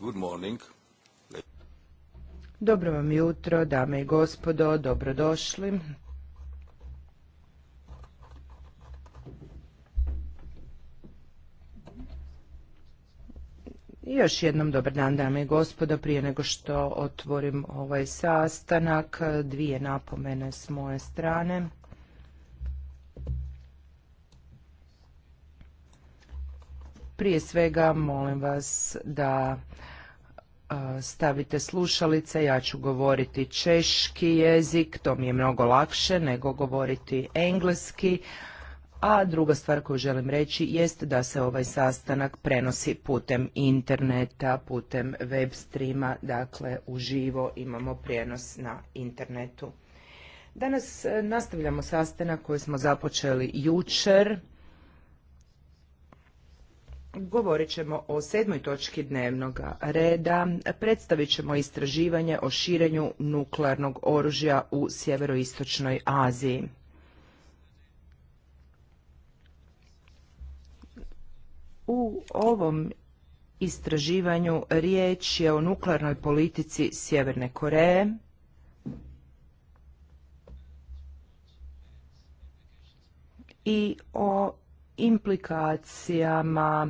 Good Dobro vam jutro, dame i gospodo, dobrodošli. Još jednom dobar dan, dame i gospodo. Prije nego što otvorim ovaj sastanak, dvije napomene s moje strane. Prije svega molim vas da stavite slušalice, ja ću govoriti češki jezik, to mi je mnogo lakše nego govoriti engleski. A druga stvar koju želim reći jest da se ovaj sastanak prenosi putem interneta, putem web streama, dakle uživo imamo prijenos na internetu. Danas e, nastavljamo sastanak koji smo započeli jučer Govorit ćemo o sedmoj točki dnevnog reda, predstavit ćemo istraživanje o širenju nuklearnog oružja u sjeveroistočnoj Aziji. U ovom istraživanju riječ je o nuklearnoj politici Sjeverne Koreje, i o implikacijama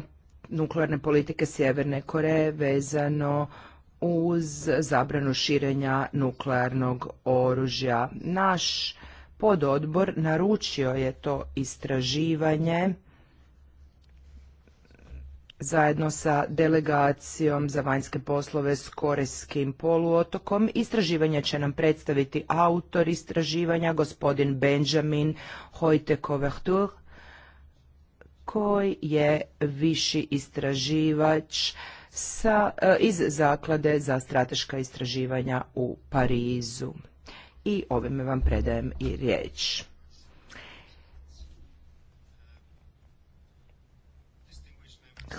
nuklearne politike Sjeverne Koreje vezano uz zabranu širenja nuklearnog oružja. Naš pododbor naručio je to istraživanje zajedno sa delegacijom za vanjske poslove s Korejskim poluotokom. Istraživanje će nam predstaviti autor istraživanja, gospodin Benjamin Hojte koji je viši istraživač sa, e, iz Zaklade za strateška istraživanja u Parizu. I ovime vam predajem i riječ.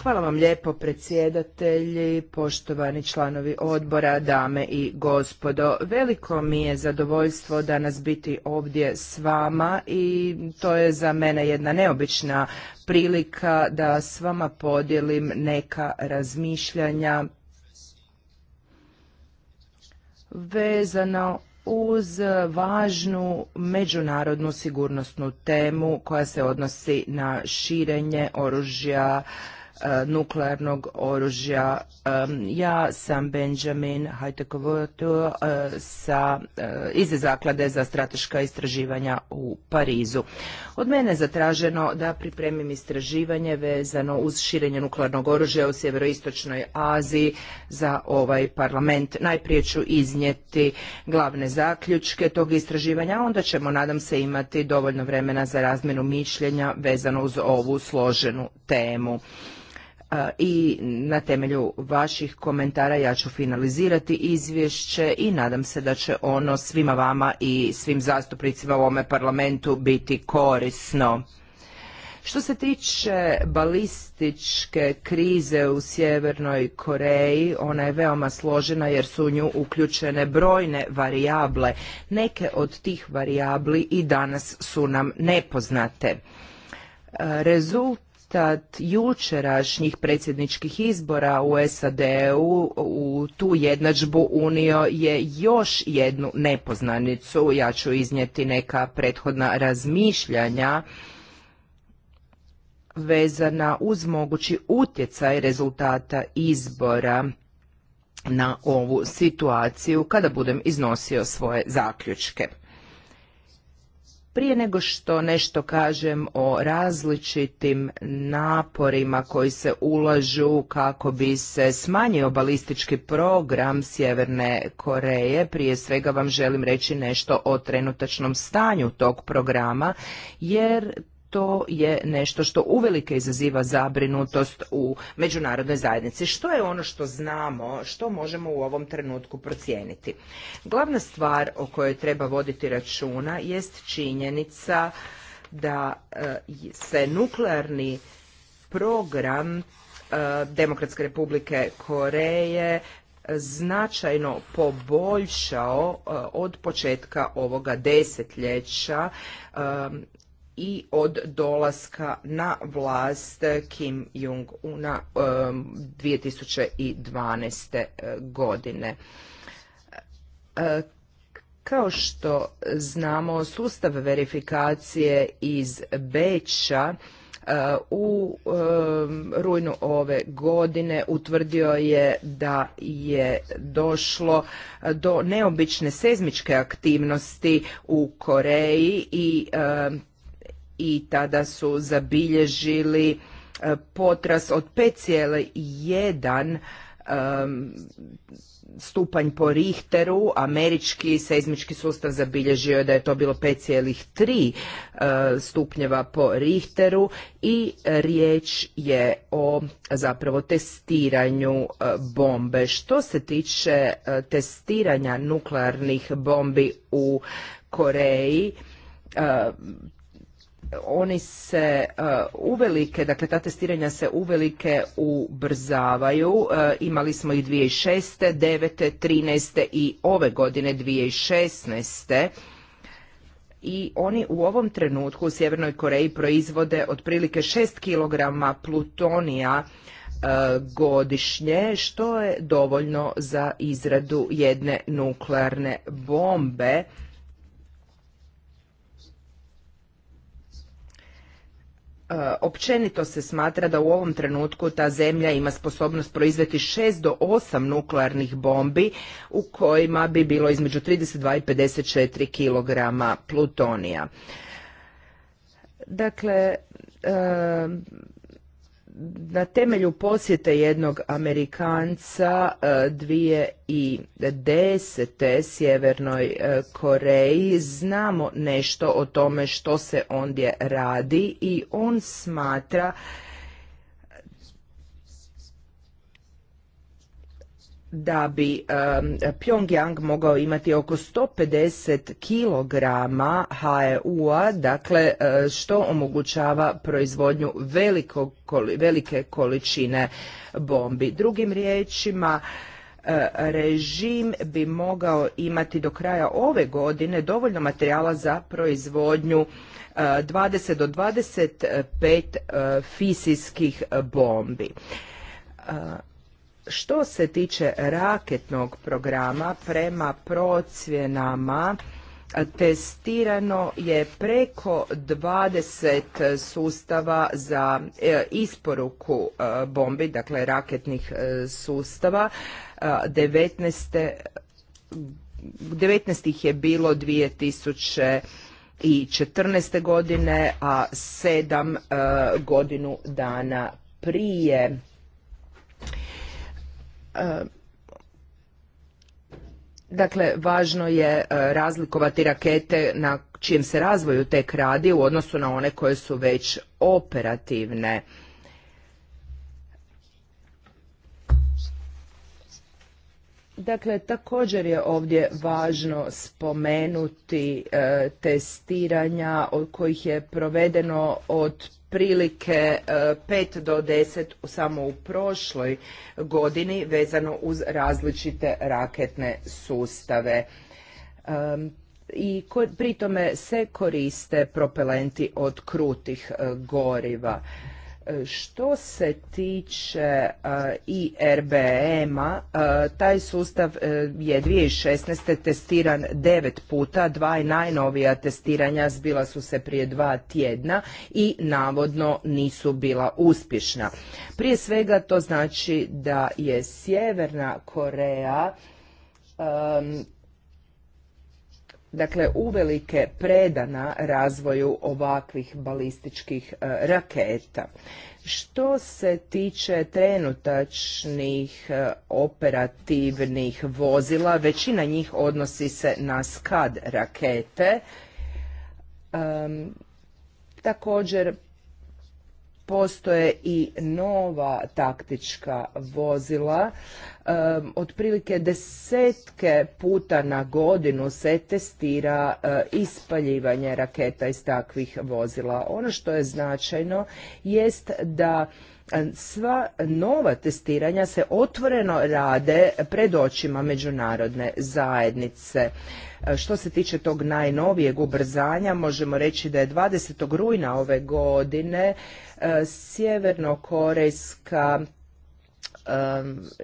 Hvala vam lijepo predsjedatelji, poštovani članovi odbora, dame i gospodo. Veliko mi je zadovoljstvo danas biti ovdje s vama i to je za mene jedna neobična prilika da s vama podijelim neka razmišljanja vezano uz važnu međunarodnu sigurnosnu temu koja se odnosi na širenje oružja E, nuklearnog oružja. E, ja sam Benjamin Hajtekovotu e, sa, iz Zaklade za strateška istraživanja u Parizu. Od mene je zatraženo da pripremim istraživanje vezano uz širenje nuklearnog oružja u sjeveroistočnoj Aziji za ovaj parlament. Najprije ću iznijeti glavne zaključke tog istraživanja, onda ćemo, nadam se, imati dovoljno vremena za razmjenu mišljenja vezano uz ovu složenu temu i na temelju vaših komentara ja ću finalizirati izvješće i nadam se da će ono svima vama i svim zastupnicima u ovome parlamentu biti korisno. Što se tiče balističke krize u Sjevernoj Koreji, ona je veoma složena jer su u nju uključene brojne varijable. Neke od tih varijabli i danas su nam nepoznate. Rezult rezultat jučerašnjih predsjedničkih izbora u SAD-u u tu jednadžbu unio je još jednu nepoznanicu. Ja ću iznijeti neka prethodna razmišljanja vezana uz mogući utjecaj rezultata izbora na ovu situaciju kada budem iznosio svoje zaključke. Prije nego što nešto kažem o različitim naporima koji se ulažu kako bi se smanjio balistički program Sjeverne Koreje, prije svega vam želim reći nešto o trenutačnom stanju tog programa, jer to je nešto što uvelike izaziva zabrinutost u međunarodnoj zajednici. Što je ono što znamo, što možemo u ovom trenutku procijeniti? Glavna stvar o kojoj treba voditi računa jest činjenica da e, se nuklearni program e, Demokratske republike Koreje značajno poboljšao e, od početka ovoga desetljeća i od dolaska na vlast Kim Jong-una 2012. E, godine. E, kao što znamo, sustav verifikacije iz Beča e, u rujnu ove godine utvrdio je da je došlo do neobične sezmičke aktivnosti u Koreji i i tada su zabilježili e, potras od 5,1 stupanj po Richteru, američki seizmički sustav zabilježio je da je to bilo 5,3 e, stupnjeva po Richteru i riječ je o zapravo testiranju e, bombe. Što se tiče testiranja nuklearnih bombi u Koreji, oni se e, uvelike, dakle ta testiranja se uvelike ubrzavaju. E, imali smo ih 2006., 2009., 2013. i ove godine 2016. I oni u ovom trenutku u Sjevernoj Koreji proizvode otprilike 6 kg plutonija e, godišnje, što je dovoljno za izradu jedne nuklearne bombe E, općenito se smatra da u ovom trenutku ta zemlja ima sposobnost proizvesti 6 do 8 nuklearnih bombi u kojima bi bilo između 32 i 54 kg plutonija. Dakle, e, na temelju posjete jednog Amerikanca e, dvije 2010. Sjevernoj e, Koreji znamo nešto o tome što se ondje radi i on smatra da bi um, Pyongyang mogao imati oko 150 kg HEU-a, dakle e, što omogućava proizvodnju velike količine bombi. Drugim riječima, e, režim bi mogao imati do kraja ove godine dovoljno materijala za proizvodnju 20 e, do 25 fisijskih bombi. Što se tiče raketnog programa, prema procjenama testirano je preko 20 sustava za e, isporuku e, bombi, dakle raketnih e, sustava. 19. 19 ih je bilo 2014. godine, a 7 godinu dana prije E, dakle, važno je e, razlikovati rakete na čijem se razvoju tek radi u odnosu na one koje su već operativne. Dakle, također je ovdje važno spomenuti e, testiranja od kojih je provedeno od otprilike 5 e, do 10 samo u prošloj godini vezano uz različite raketne sustave. I pri tome se koriste propelenti od krutih e, goriva. Što se tiče e, i RBM-a, e, taj sustav e, je 2016. testiran devet puta, dva najnovija testiranja zbila su se prije dva tjedna i navodno nisu bila uspješna. Prije svega to znači da je Sjeverna Koreja dakle uvelike predana razvoju ovakvih balističkih e, raketa. Što se tiče trenutačnih e, operativnih vozila, većina njih odnosi se na skad rakete. također postoje i nova taktička vozila. otprilike desetke puta na godinu se testira e, ispaljivanje raketa iz takvih vozila. Ono što je značajno jest da Sva nova testiranja se otvoreno rade pred očima međunarodne zajednice. Što se tiče tog najnovijeg ubrzanja, možemo reći da je 20. rujna ove godine e, sjevernokorejska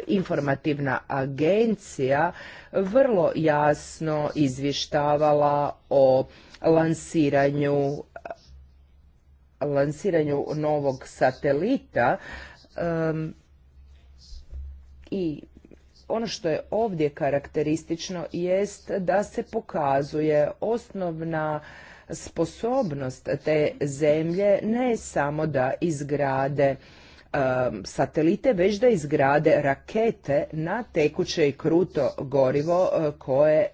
informativna agencija vrlo jasno izvještavala o lansiranju lansiranju novog satelita i ono što je ovdje karakteristično jest da se pokazuje osnovna sposobnost te zemlje ne samo da izgrade satelite, već da izgrade rakete na tekuće i kruto gorivo e, koje e,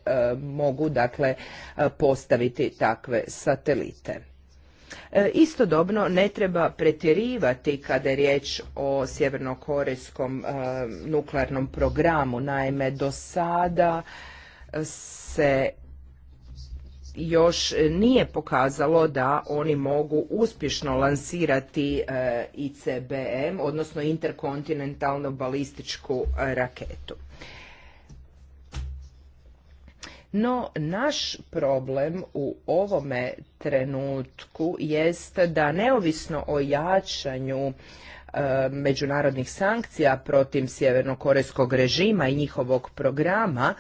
mogu dakle e, postaviti takve satelite. E, istodobno ne treba pretjerivati kada je riječ o sjevernokorejskom e, nuklearnom programu. Naime, do sada se još nije pokazalo da oni mogu uspješno lansirati e, ICBM, odnosno interkontinentalnu balističku raketu. No, naš problem u ovome trenutku jest da neovisno o jačanju e, međunarodnih sankcija protiv sjevernokorejskog režima i njihovog programa,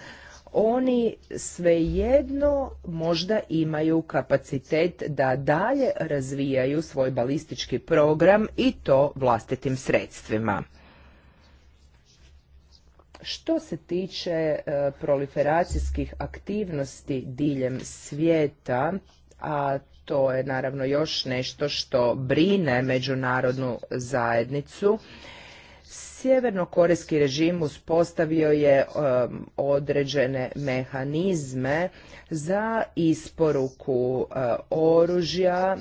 oni svejedno možda imaju kapacitet da dalje razvijaju svoj balistički program i to vlastitim sredstvima. Što se tiče e, proliferacijskih aktivnosti diljem svijeta, a to je naravno još nešto što brine međunarodnu zajednicu, Sjevernokorejski režim uspostavio je e, određene mehanizme za isporuku e, oružja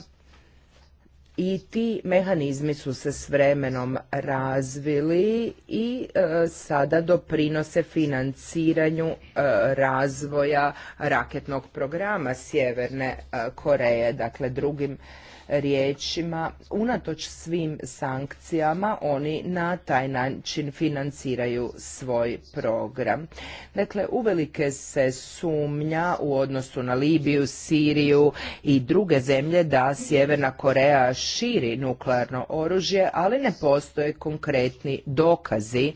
i ti mehanizmi su se s vremenom razvili i e, sada doprinose financiranju e, razvoja raketnog programa Sjeverne e, Koreje. Dakle, drugim riječima, unatoč svim sankcijama, oni na taj način financiraju svoj program. Dakle, uvelike se sumnja u odnosu na Libiju, Siriju i druge zemlje da Sjeverna Koreja širi nuklearno oružje, ali ne postoje konkretni dokazi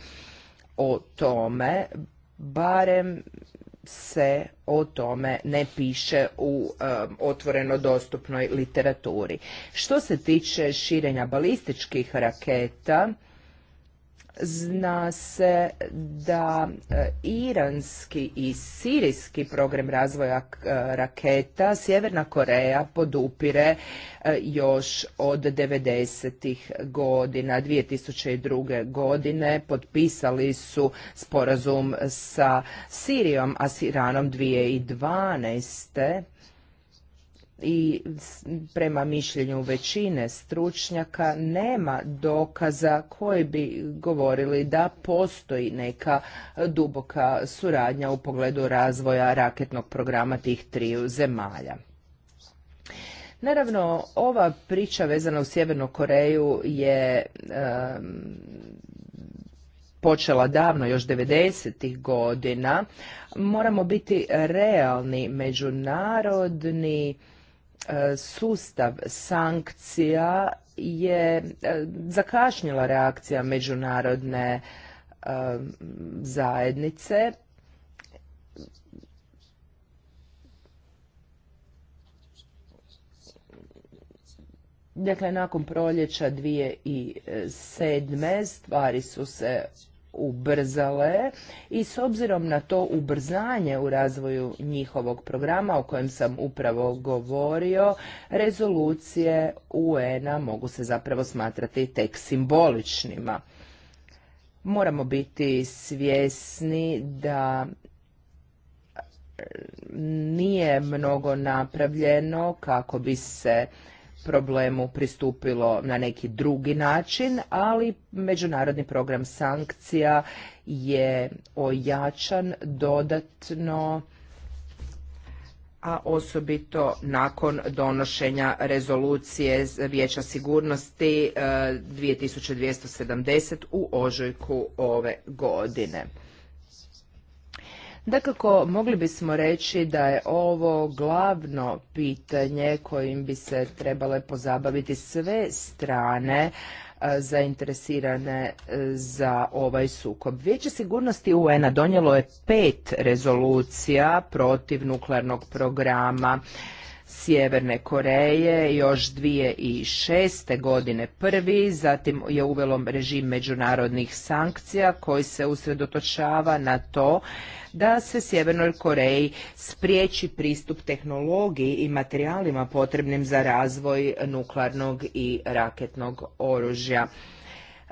o tome, barem se o tome ne piše u um, otvoreno dostupnoj literaturi. Što se tiče širenja balističkih raketa, Zna se da e, iranski i sirijski program razvoja e, raketa Sjeverna Koreja podupire e, još od 90. godina. 2002. godine potpisali su sporazum sa Sirijom, a s Iranom 2012 i prema mišljenju većine stručnjaka nema dokaza koji bi govorili da postoji neka duboka suradnja u pogledu razvoja raketnog programa tih triju zemalja. Naravno, ova priča vezana u Sjevernu Koreju je počela davno, još 90. godina. Moramo biti realni međunarodni E, sustav sankcija je e, zakašnjela reakcija međunarodne e, zajednice Dakle, nakon proljeća 2007. stvari su se ubrzale i s obzirom na to ubrzanje u razvoju njihovog programa o kojem sam upravo govorio, rezolucije UN-a mogu se zapravo smatrati tek simboličnima. Moramo biti svjesni da e, nije mnogo napravljeno kako bi se problemu pristupilo na neki drugi način, ali međunarodni program sankcija je ojačan dodatno a osobito nakon donošenja rezolucije Vijeća sigurnosti 2270 eh, u ožujku ove godine. Dakako, mogli bismo reći da je ovo glavno pitanje kojim bi se trebale pozabaviti sve strane e, zainteresirane e, za ovaj sukob. Vijeće sigurnosti UN-a donijelo je pet rezolucija protiv nuklearnog programa Sjeverne Koreje još 2006. godine prvi, zatim je uvelom režim međunarodnih sankcija koji se usredotočava na to da se Sjevernoj Koreji spriječi pristup tehnologiji i materijalima potrebnim za razvoj nuklearnog i raketnog oružja.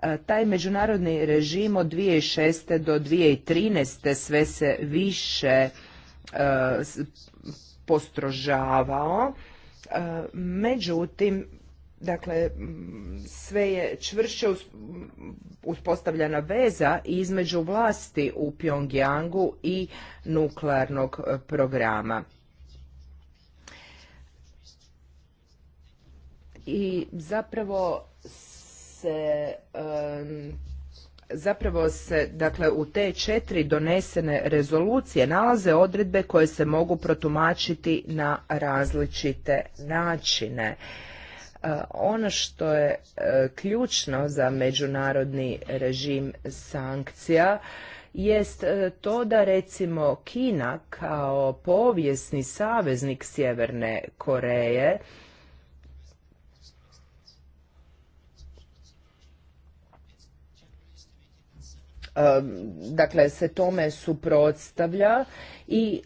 E, taj međunarodni režim od 2006. do 2013. sve se više e, postrožavao, e, međutim, dakle, sve je čvršće uspostavljena veza između vlasti u Pjongjangu i nuklearnog e, programa. I zapravo se zapravo se dakle u te četiri donesene rezolucije nalaze odredbe koje se mogu protumačiti na različite načine. E, ono što je e, ključno za međunarodni režim sankcija jest e, to da recimo Kina kao povijesni saveznik Sjeverne Koreje dakle se tome suprotstavlja i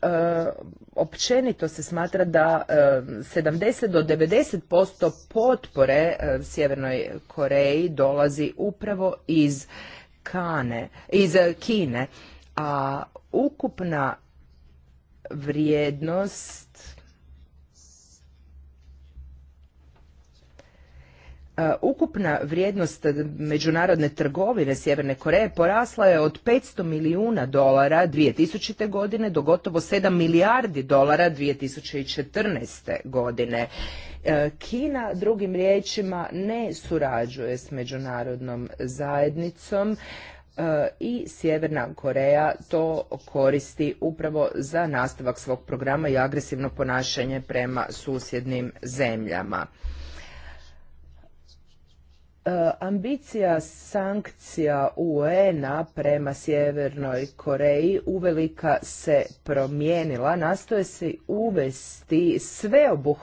općenito se smatra da 70 do 90% potpore Sjevernoj Koreji dolazi upravo iz Kane, iz Kine, a ukupna vrijednost E, ukupna vrijednost međunarodne trgovine Sjeverne Koreje porasla je od 500 milijuna dolara 2000. godine do gotovo 7 milijardi dolara 2014. godine. E, Kina drugim riječima ne surađuje s međunarodnom zajednicom e, i Sjeverna Koreja to koristi upravo za nastavak svog programa i agresivno ponašanje prema susjednim zemljama. E, ambicija sankcija UN-a prema Sjevernoj Koreji uvelika se promijenila, nastoje se uvesti sveobuhvatno